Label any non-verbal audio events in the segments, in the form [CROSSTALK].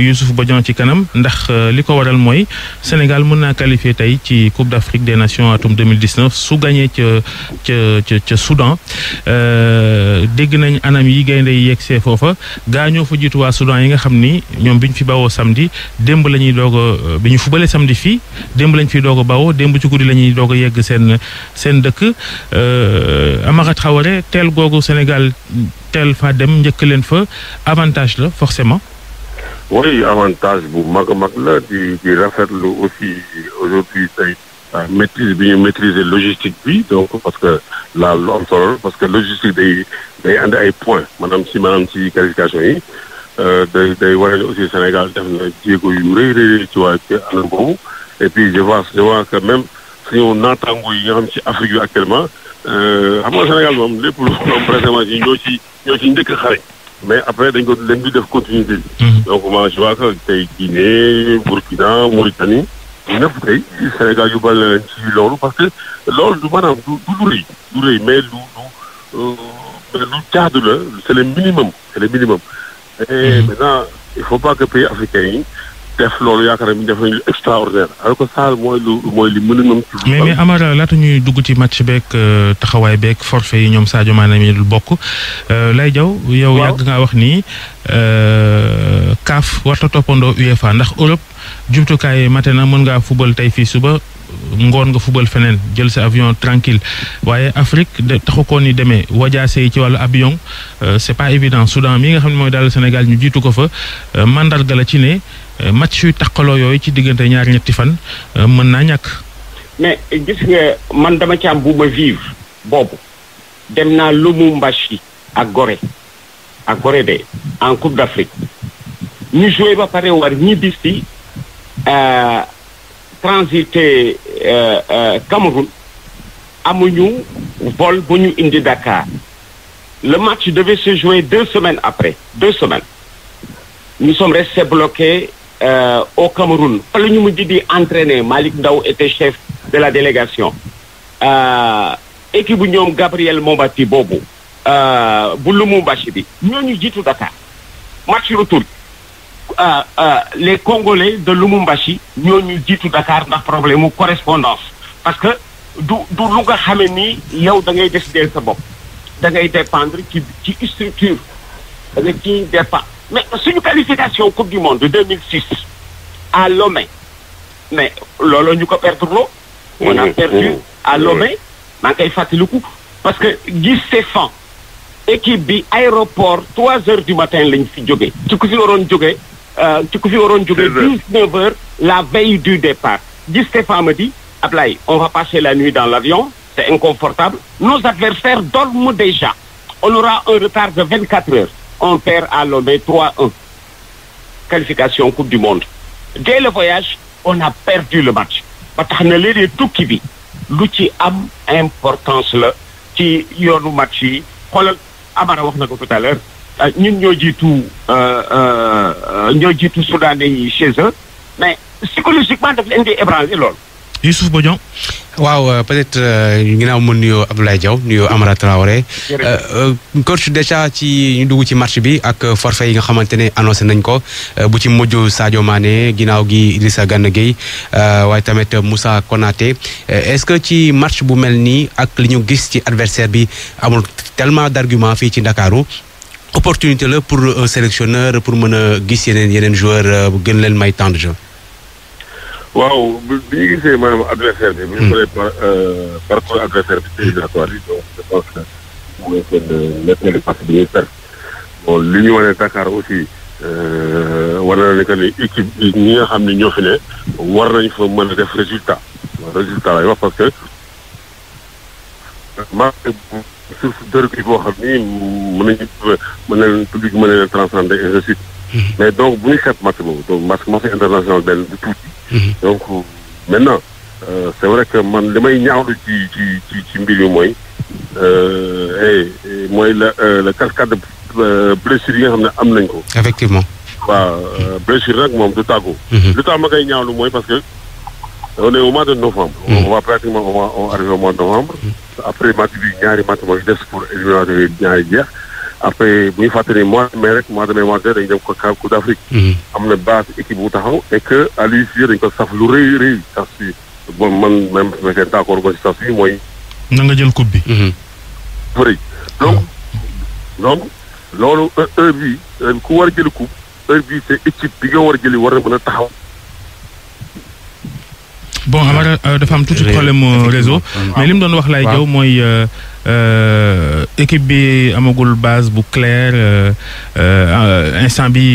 Youssouf Bodian ci kanam ndax euh, li ko waral mooy Sénégal mën naa qualifié tey ci Coupe d'Afrique des Nations atum 2019 su gagné ca ca ca Soudan euh, dégg nañ anam yi gaynde yi yegsee foofa gaañoo fa jiitu waa Soudan yi nga xam ni ñoom bi ñu fi bawoo samdi démb la ñuy doog a euh, bi ñu fubalee samedi fii démb lañ fi doog a bawoo démb ci guddi la ñuy doog yegg seen seen dëkk Amara Traoré teel googu Sénégal teel fa dem njëkk leen fa avantage la forcément oui avantage bu mag a mag la di di rafetlu aussi aujourd'hui tey euh, maîtrise bi ñu maîtriser logistique bi donc parce que la lu am solo parce que logistique day day ànd ay points maanaam si maanaam si qualification yi euh, day day wane ne aussi Sénégal def na jéego yu rëy rëy ci waa ci anam boobu et puis je vois je vois que même suñu naataango yi nga xam ci Afrique yu actuellement euh, xam nga Sénégal moom lépp lu moom présentement ñoo ci ñoo ci njëkk xare mais après dañ ko dañ di def continuité bi. Mhm. donc man je vois que tey Guinée Burkina Mauritanie ñëpp tey Sénégal yu bëri na leen ci loolu parce que loolu du maanaam du du rëy mais lu lu euh, lu jaadu la c'est le minimum c'est le minimum. et mhm. maintenant il faut pas que pays africains def loolu yaakaar mais mais Amara laata ñuy dugg ci match beeg euh, taxawaay beeg forfait yi ñoom Sadio Mané mi dul bokk. Euh, Lay Diaw yow yàgg ngaa wax ni euh, CAF warta toppandoo UEFA ndax Europe jumtukaay mate na mën ngaa fubal tey fii suba ngoon nga fubal feneen jël sa avion waaye Afrique de taxu ko ni demee wajaase yi ci wàllu avion c'est pas évident Soudan mi nga xam ne mooy daal Sénégal ñu jiitu ko fa mandarga la ci ne. Euh, match yu taqaloo yooyu ci diggante ñaar ñetti fan euh, mën naa ñàkk. mais gis nga man dama ci am bu ma vivre boobu dem naa Lubumbashi ak gore ak gore de en Coupe d'Afrique ñu joué ba pare war ñibbi si euh, transité Cameroun amuñu vol bu ñu indi Dakar le match devait se jouer deux semaines après deux semaines nous sommes restés bloqués Euh, au Cameroun fa la ñu mujj di entraîner Malick Ndaw était chef de la délégation euh, équipe bu ñoom Gabriel Mombati boobu euh, bu lu mu Lumumbashi bi ñooñu jiitu Dakar match retour les Congolais de lu mu Lumumbashi ñu jiitu Dakar ndax problème mu correspondance parce que du du lu nga xamee ni yow da ngay décider sa bopp da ngay dépendre ci ci structure da nga ciy dépendre mais suñu qualification coupe du monde 2006 à Lomé mais looloo ñu ko perdre loo. Mmh, on a mmh, perdu mmh. à Lomé maa ngi koy fàttaliku parce que Guy Stéphane équipe bi aéroport 3 heures du matin lañ fi jógee. ci ku fi waroon jógee euh, ci ku fi waroon jógee. 19 heures la veille du départ. Guy Stéphane me dit Ablaye on va passer la nuit dans l'avion c'est inconfortable nos adversaires dorment déjà on aura un retard de quatre heures. on perd à Lomé trois 1 Qualification Coupe du Monde. Dès le voyage, on a perdu le match. ba tax na léeg-léeg tukki bi lu ci am importance la ci yoonu match yi xoolal Amara wax na ko tout à l'heure euh, ñun ñoo jiitu euh, euh, ñoo jiitu soudanais yi chez eux mais psychologiquement daf leen di ébranler lool. Youssouf Bodian waaw euh, peut-être euh, ginnaaw ma nuyoo Abdoulaye Diaw nuyoo Amara Traoré. Euh, coach déjà ci ñu dugg ci match bi ak forfait yi nga xamante ne annoncé nañ ko bu ci mujj Sadio Mané ginnaaw gi Idrissa Gana Gueye waaye tamit Moussa konaate est-ce que ci match bu mel nii ak li ñu gis ci adversaire bi amul tellement d'argument fii ci Ndakaaru opportunité la pour un sélectionneur pour mën a gis yeneen yeneen joueur gën leen may temps de jeu. waaw bi ñu gisee maanaam adversaire bi. bu ñu paree hmm. par euh, parcours adversaire bi éliminatoire bi donc je pense que mooy seen euh, ñetteelu pass bi ñuy perte bon li ñu wane Dakar aussi euh, war na ne que ni équipe ñi nga xam ni ñoo fi war nañ fa mën a def résultat résultat lay wax parce que maa suuf dër bi boo xam ni mën nañu mën na leen public mën na de suite hmm. mais donc bu ñu xeeb match boobu donc match match international benn du tuuti. Mm-hmm. donc euh, maintenant euh, c'est vrai que man li may ñaawlu ci ci ci ci mbir yi mooy euh, eh, eh, mooy la la cascade de blessure yi nga xam ne am nañ ko. effectivement. waaw blessure nag moom du tàggu. Mm-hmm. lu tax ma koy ñaawlu mooy parce que on est au mois de novembre. Mm-hmm. on va pratiquement on va on au mois de novembre. après match bi ñaari match mooy des pour éliminatoire ñaari jeex. après bu ñu fàttali mois de mai rek mois de mai mois de dañu dem ko Coupe d'Afrique. Mhm. am na base équipe bu taxaw et que à l' dañ ko saf lu rëy rëy saf si bon man même su fekkee d' accord ba si mooy. na nga jël coupe bi. bëri mhm. donc donc loolu heure bi ku war a jëli coupe heure bi c' est équipe bi nga war jëli war na mën a taxaw. bon Amara euh, dafa am tuuti problème réseau ah. mais li mu doon wax Laye Diaw mooy euh, euh, équipe bi amagul base bu claire instant bi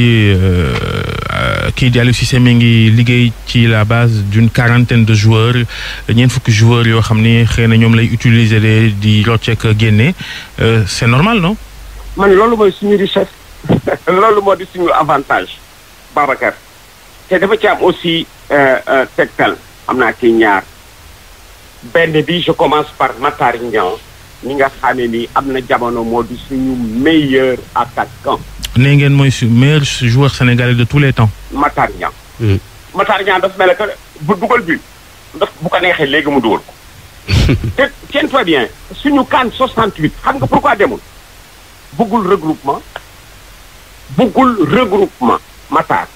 kii di Aliou Cissé mi ngi liggéey ci la base d'une quarantaine de joueurs ñeent fukki joueurs yoo xam ni xëy na ñoom lay utiliser di rocceek génne c'est normal non man loolu mooy suñu richesse [LAUGHS] loolu moo di suñu avantage Babacar te dafa ci am aussi tegtal am naa ki ñaar benn bi je commence par Matar Niang ñi nga xamee ni am na jamono moo di suñu meilleur attaquant. nee ngeen mooy su meilleur joueur sénégalais de tous les temps. Matar Niang. Mm. Matar Niang dafa mel ne que bu dugal bi bu ko neexee léegi mu dugal ko. [LAUGHS] te tiens très bien suñu CAN 68 xam nga a demul bëggul regroupement bëggul regroupement Matar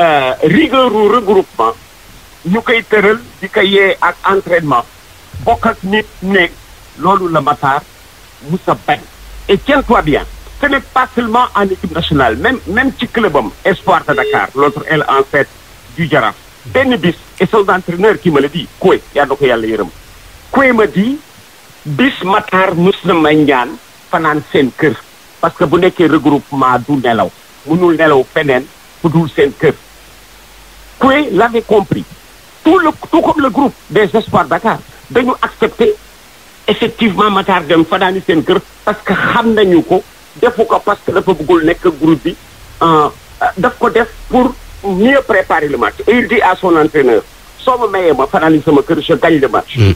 euh, rigueur regroupement. ñu koy tëral di ko ak entraînement bokk ak nit ne loolu la Matar Moussa bañ et tiens-toi bien ce n'est pas seulement en équipe nationale même même ci club am Espoir de Dakar l'autre aile en fait du Jaraaf benn bis et son entraîneur qui me le dit Koué yaa ko yàlla yërëm Koué ma di bis Matar mus na ma fanaan seen kër parce que bu nekkee regroupement du nelaw mënul nelaw feneen fu dul seen kër Koué l'avait compris tout le tout comme le groupe des espoirs Dakar dañu accepté effectivement Matar Dem fa seen kër parce que xam nañu ko defu ko parce que dafa bëggul nekk groupe bi euh, daf ko def pour mieux préparer le match et il dit à son entraîneur soo ma mayee ma fanaani sama kër je gagne le match mm.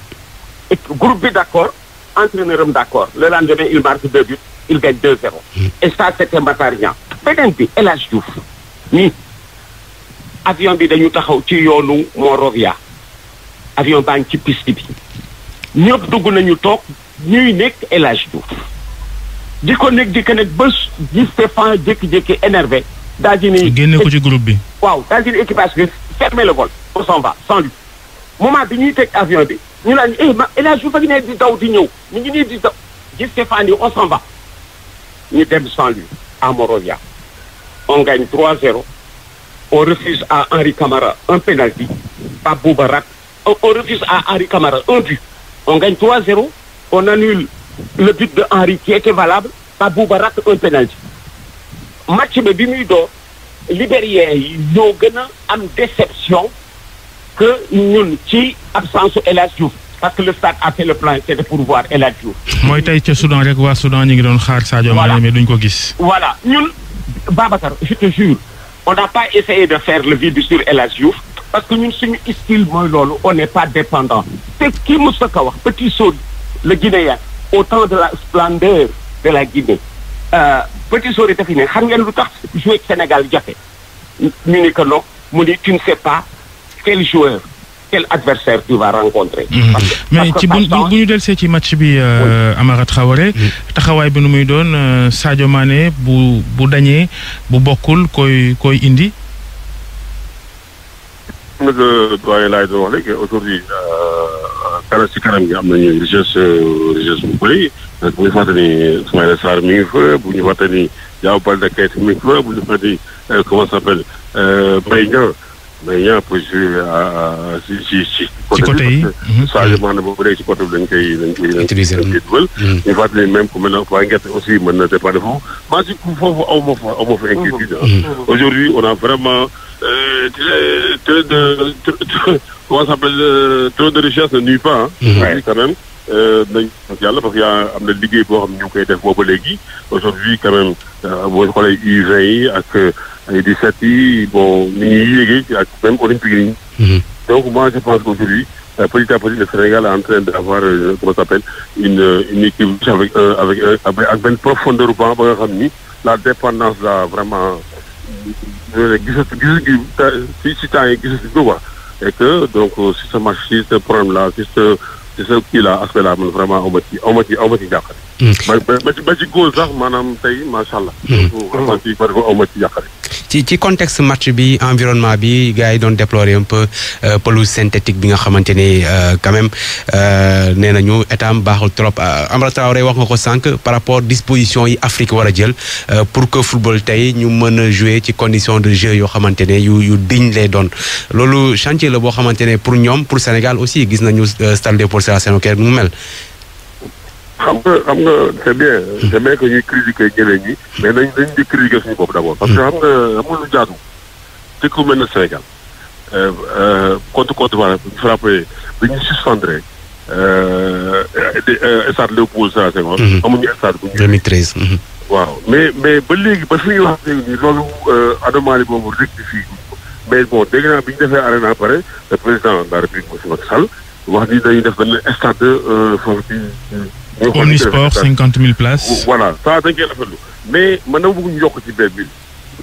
et groupe bi d' accord entraîneur d' accord le lendemain il marque deux buts il gagne deux zéro mm. et ça c' était Matar Niang beneen bi El Hadj Diouf avion bi dañu taxaw ci yoonu Monrovia avion baa ngi ci piste bi ñëpp dugg nañu toog ñuy nekk El Hadj Diouf di ko nekk di ko nekk ba gis Stéphane jékki-jékki énervé daal di ne. génne ko ci groupe bi. waaw daal di ne équipage bi fermé le vol. moment bi ñuy teg avion bi ñu naan eh ma El Hadj Diouf a di daw di ñëw ñu ngi di daw gis Stéphane ñu dem sans lui à Monrovia on gagne 3-0. on refuse à Henri Camara un penalty, pas Boubarak. On, on, refuse à Henri Camara un but. On gagne 3-0, on annule le but de Henri qui était valable, pas Boubarak un penalty. Match bi bi muy doo libérien yi gën a am déception que ñun ci absence El Hadj parce que le stade a fait le plan c'était pour voir El Hadj Diouf. mooy tey ca Soudan rek waa Soudan ñu ngi doon xaar Sadio Mané mais duñ ko gis. voilà ñun on n'a pas essayé de faire le vide sur El Hadj Diouf parce que ñun suñu style mooy loolu on n'est pas dépendant te kii mu sa ko wax petit Saul le Guinéen au temps de la splendeur de la Guinée euh, petit Saul dafa ne xam ngeen lu tax jouer Sénégal jafe ñu ni que non mu ni tu ne sais pas quel joueur quel adversaire tu vas rencontrer. Mhm. mais ci bu bu ñu delsee ci match bi euh, Amara Traoré. taxawaay bi nu muy doon euh, Sadio Mané bu bu dañee bu bokkul koy koy indi. xam nga doyen laay doon wax léegi aujourd'hui euh, bu bëri bu ñu fàtte ni Ismaïla ngi fa bu ñu fàtte ni Diao Baldé Keita fa bu ñu fàtte ni comment ça mais ñëpp euh, euh, si si si. ci côté yi changement parce que boobu mhm. dee ci côté bi dañ koy dañ koy. utiliser dañ koy dugal. ñu fàttali même ku aussi mën na dépendre de foofu. maa si foofu aw ma fa aw ma inquiétude. Mhm. Mhm. aujourd'hui on a vraiment euh, trop de [LAUGHS] comment ça s'appelle de richesse ne nuit pas ah. quand même. nañ que yaa am na liggéey boo xam ne ñu ngi koy def boobu léegi aujourd'hui quand même boo xoolee yi Dessati, bon, Nini, même olympique. Mm -hmm. Donc moi je pense qu'aujourd'hui, euh, petit à petit, le Sénégal est en train d'avoir, euh, comment s'appelle, une, euh, une équipe avec, euh, avec, euh, avec, une profondeur banc, la dépendance là, vraiment, si tu as et que donc euh, si ce match, si ce problème-là, si ce ci sa kii laa aspect laa man vraiment aw ma ci aw ma ci aw ma ci jàqare mhm. ba ba ci góor maanaam tey macha allah. Mhm. ci ci contexte match bi environnement bi gars yi doon déplorer un peu euh, pelouse synthétique bi nga xamante ni euh, quand même euh, nee nañu état am baaxul trop Amara Traoré wax nga ko sànq par rapport disposition yi Afrique war a jël pour que football tey ñu mën a jouer ci condition de jeu yoo xamante ne yu yu digne lee doon loolu chantier la boo xamante ne pour ñoom pour Sénégal aussi gis nañu stade Léopold Sédar Senghor mu mel. xam nga xam nga c' est bien c' est bien ñuy critiquer ñeneen ñi mais nañ nañ di critiquer suñu bopp d' abord. parce que xam nga amul lu jaadu dëkk bu mel ne Sénégal contre Côte d'Ivoire bu ñu frappé bi ñu suspendre euh, euh, stade Léopold Sédar Senghor. Mhm. amuñu stade bu ñu. 2013. Mhm. waaw mais mais ba léegi ba fi ñuy wax léegi loolu euh, anomalie boobu rectifié mais bon dégg bi ñu defee arène pare le président de la République monsieur Macky wax ni dañuy def benn stade foofu ci. omnisport cinquante mille places. voilà ça dañ koy rafetlu mais man dama bëgg ñu yokk ci benn bi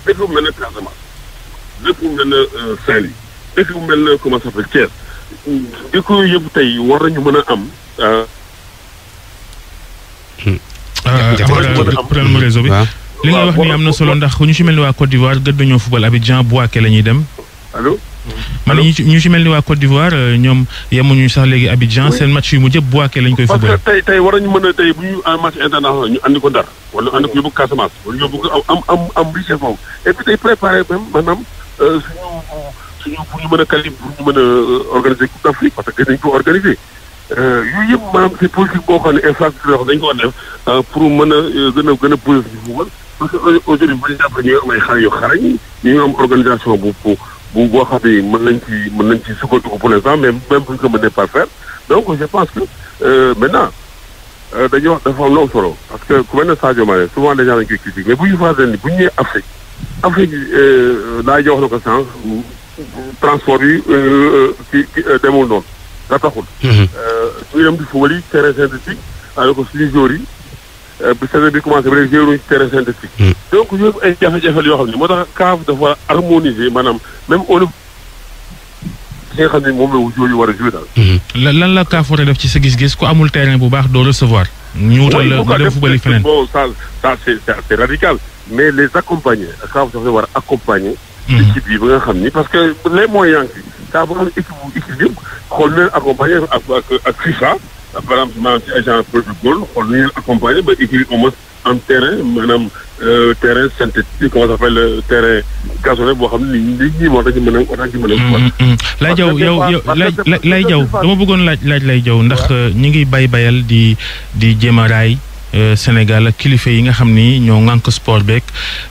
dëkk bu mel ne Casamance dëkk euh, tey war nañu mën a am. Euh, euh, problème réseau bi. li nga wax ni am na solo ndax ñu si mel ni waa Côte d'Ivoire gëdd nañoo football Abidjan Bouaké la ñuy dem. allo. man na ñu ci ñu ci mel ni waa Côte d'Ivoire euh, ñoom yemuñu sax léegi Abidjan seen match yu mu jëpp Boaké lañ koy. football tey tey war nañu mën a tey bu ñu en match international ñu andi ko Ndar wala andi ko yóbbu Casamance wala yóbbu ko am am am richesse boobu et puis tey préparé même euh, pour ñu mën a qualifier pour ñu mën a euh, organiser Coupe d'Afrique parce que gën nañu ko organiser yooyu yëpp maanaam c'est politique boo xam ne infrastructure dañ ko war pour mën a gën a gën a poser parce que aujourd'hui bu ñu am ay bu boo xam ne mën nañ ci mën nañ ci sukkandiku pour l'instant mais même bu ñu ko mënee pas faire donc je pense que euh, maintenant euh, dañuy wax dafa am lu am solo parce que ku mel ne Sadio souvent les gens koy critiquer mais bu ñu fàttali ne bu ñu nee Afrique Afrique laay euh, jox la ko sens transport yi ci ci demul noonu da taxul. Mhm. Euh, ñu dem di fubali terrain synthétique alors que suñu yi. Euh, bu saison bi commencé ba léegi géruñ ci terrain synthétique hmm. donc yooyu ay jafe-jafe yoo xam ne moo tax CAF dafa war a harmoniser maanaam même au niveau si nga xam ne moom la jooju war a joué daal hmm. lan la CAF war a def ci sa gis-gis ku amul terrain bu baax doo recevoir ñu wutal la nga dem fubali feneen bon ça ça c'est c'est radical mais les accompagner CAF dafa war a accompagner hmm. équipe yi ba nga xam ni parce que les moyens yi saa ba nga xam ne équipe bu équipe yëpp xool leen accompagner ak ak FIFA par exemple maanaam ci agent ba équipe au moins en terrain maanaam euh, terrain synthétique comment ça s'appelle euh, terrain boo xam ne nii ñi moo tax ñu mën a war a ci mën a. Mm, mm, mm. lay jaw lay jaw dama bëggoon laaj laaj lay jaw ndax euh, ñu ngi bay bayal di di jéem a Euh, Sénégal ak kilifa yi nga xam ni ñoo ŋànk sport beeg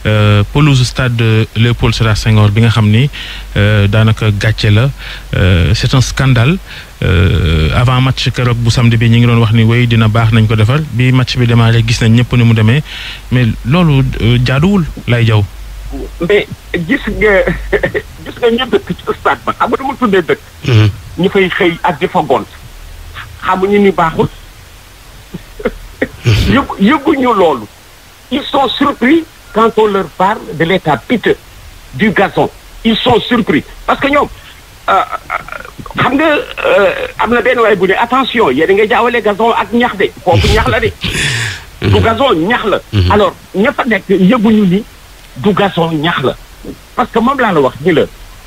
euh, pelouse stade Léopold Sédar Senghor bi nga xam ni euh, daanaka gàcce la c'est un scandale avant match keroog bu samedi bi ñu ngi doon wax ni way dina baax nañ ko defar bi match bi démarré gis nañ ñëpp ni mu demee mais loolu jaaduwul lay jaw mais gis nga [LAUGHS] gis nga ñu dëkk stade ba mhm. xamuñu ni baaxul. [LAUGHS] yëgu yëguñu loolu ils sont surpris quand on leur parle de l'état piteux du gazon ils sont surpris parce que ñoom euh, euh, xam nga euh, am na benn waaye bu ne attention yéen a ngi jaawale gazon ak ñax de foofu ñax la de [LAUGHS] du gazon ñax la mhm. alors ña fa nekk yëguñu ni du gazon ñax la parce que moom laa la wax ni la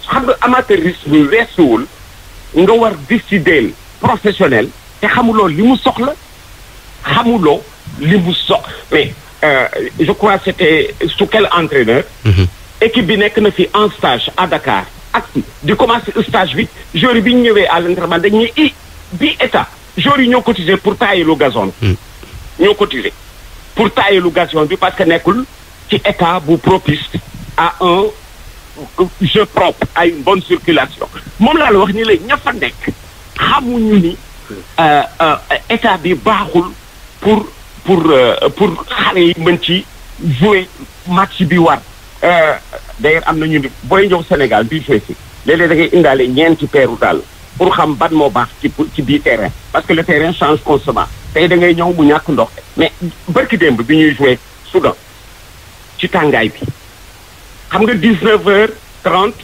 xam nga amateurisme weesuwul nga war décider professionnel te xamuloo li mu soxla xamuloo li mu so mais euh, je crois c'était sous quel entraîneur mhm. équipe bi nekk na fi en stage à Dakar ak di commencé stage bi joueur bi ñu ñëwee à l'entraînement dañuy i bi état joueur yi ñoo cotiser pour taaye lu gazon bi mhm. ñoo cotiser pour taaye lu gazon bi parce que nekkul ci état bu propice à un jeu propre à une bonne circulation moom laa la wax ni la ña fa nekk xamuñu ni euh, euh, état bi baaxul pour pour euh, pour xale yi mën ci jouer match bi war euh, d'ailleurs am na ñu booy ñëw Sénégal bii feesi léeg-léeg da ngay indaale ñeenti peeru daal pour xam ban moo baax ci ci bii terrain parce que le terrain change constamment tey dangay ngay ñëw mu ñàkk ndox mais barki démb bi ñuy joué Soudan ci tàngaay bi xam nga 19 heures trente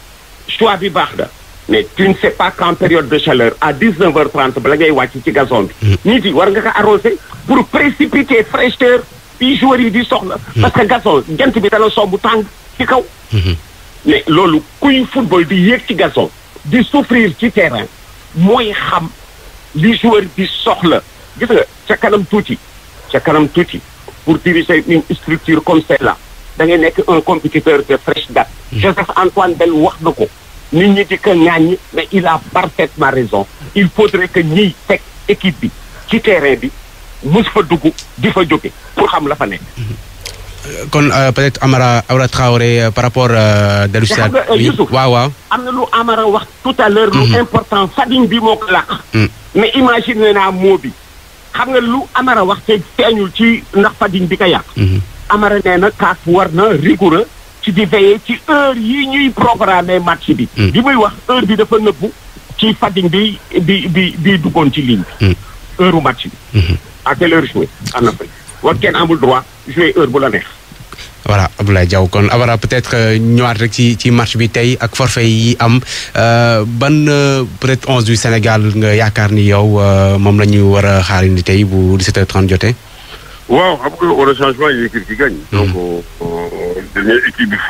choix bi baax na mais tu ne sais pas qu'en période de chaleur à 19 heures 30 bala ngay wàcc ci gazon bi. Mm. nit war nga ko arrosé pour précipiter fraîcheur fii joueurs yi di soxla. Hmm. parce que gazon jant bi dana soobu tàng ci kaw. Hmm. mais loolu kuy football bi yéeg ci gazon. di souffrir ci terrain. mooy xam li joueur di soxla. gis nga ca kanam tuuti ca kanam tuuti pour diriger une structure comme celle-là da ngay nekk un compétiteur de fraîche date. Hmm. Joseph Antoine Bell wax na ko. nit ñi di ko ŋàññ mais il a parfaitement raison. il faudrait que ñiy teg équipe bi ci terrain bi. mës fa dugg di fa jóge pour xam la fa nekk. kon euh, peut-être Amara Amara Traoré euh, par rapport. Euh, dellu si waaw waaw am na lu Amara wax tout à lu mhm. important Fadine bi moo ko làq. Mm. mais imagine naa moo bi xam nga lu Amara wax te feeñul ci ndax Fadine bi ko yàq. Mhm. Amara nee na kaaf war na rigoureux ci di veiller ci heure yi ñuy programmer match bi. Mm. bi muy wax heure bi dafa nëbbu ci Fadine bi bi bi bi duggoon ci ligne bi. Mm. heure match bi. Mhm. à quelle heure jouer en Afrique war kenn amul droit jouer heure bu la neex. voilà Abdoulaye jaw kon Abara peut-être euh, ñëwaat rek ci ci match bi tey ak forfait yi am euh, ban euh, peut-être onze du Sénégal nga yaakaar ni yow moom lañuy ñu war a xaar tey bu 17h30 jotee. waaw xam changement yi équipe qui hmm.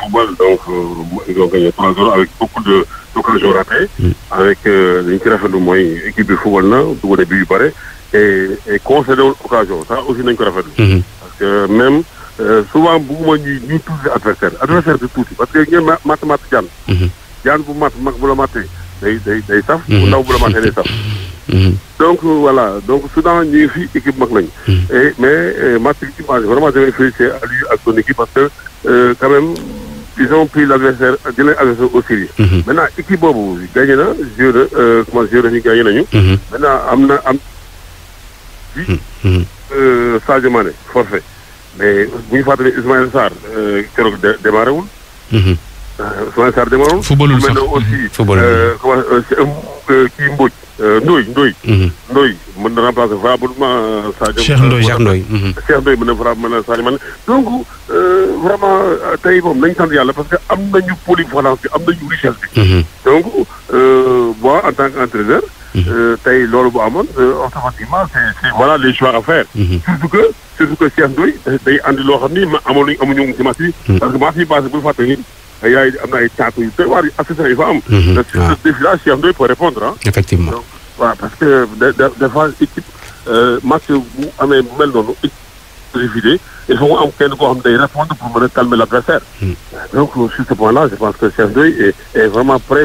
football donc ils ont gagné 3 avec beaucoup de d'occasions ratées. Hmm. avec li ñu ci rafetlu mooy équipe bi football na dugg na bi et et concédé wul occasion ça aussi nañ ko rafetlu. Mhm. parce que même euh, souvent bugguma ñuy ñuy tuuti adversaire adversaire bi parce que ngeen ma matt matt jaan. Mhm. jaan bu matt mag bu la mattee day day day saf. Mhm. bu ndaw bu la mattee day saf. donc euh, voilà donc Soudan ñu fi équipe mag lañu. mais euh, match bi vraiment damay féliciter Aliou ak son équipe parce que euh, quand même ils ont pris l' adversaire di leen adversaire boobu gagné na joué na comment joué na ñu gagné am na am. bi. Hmm, hmm. euh, Sadio Mané forfait mais bu ñu fàttalee Ismaïla Sarr euh, keroog démarré wul. Hmm, euh, Ismaïla Sarr démarré wul. footballul sax aussi kii Mbodj. Ndoye Ndoye. Ndoye mën na remplacer valablement Sadio. Cheikh Ndoye Cheikh Ndoye. Cheikh Ndoye mën na vraiment Sadio Mané donc vraiment tey moom parce que am nañu polyvalence bi am nañu richesse bi. donc moi en tant qu'entraîneur. Euh, tey loolu bu amoon ma c' est voilà les choix à faire. Mhm. surtout que surtout que Cheikh euh, andi loo xam ni ma amoon nañu amuñu woon ci match mhm. parce que match yi passé bu ñu fàtte yaay am na ay taatu yu tey am. waaw te ce défi là Cheikh Ndoye peut répondre effectivement donc parce que des équipe euh, match bu amee mel noonu équipe il faut mu am kenn koo xam ne day répondre pour mën a calmer l' mhm. donc sur ce là je pense que Cheikh Ndoye est vraiment prêt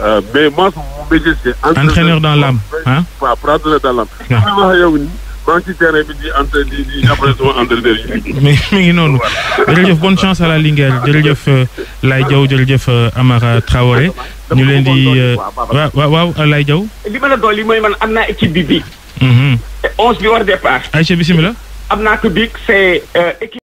Euh, mais Mansour mon métier c'est. entraîneur dans l'âme ah. ngi ci terrain bi di entre a di jàppale sama entraîneur yi. mais mi ngi euh, euh, Amara Traoré ñu leen di waaw waaw Laye li ma la dolli mooy man am naa équipe bi bii. Mhm. te onze bi war am naa ko biig c'est équipe.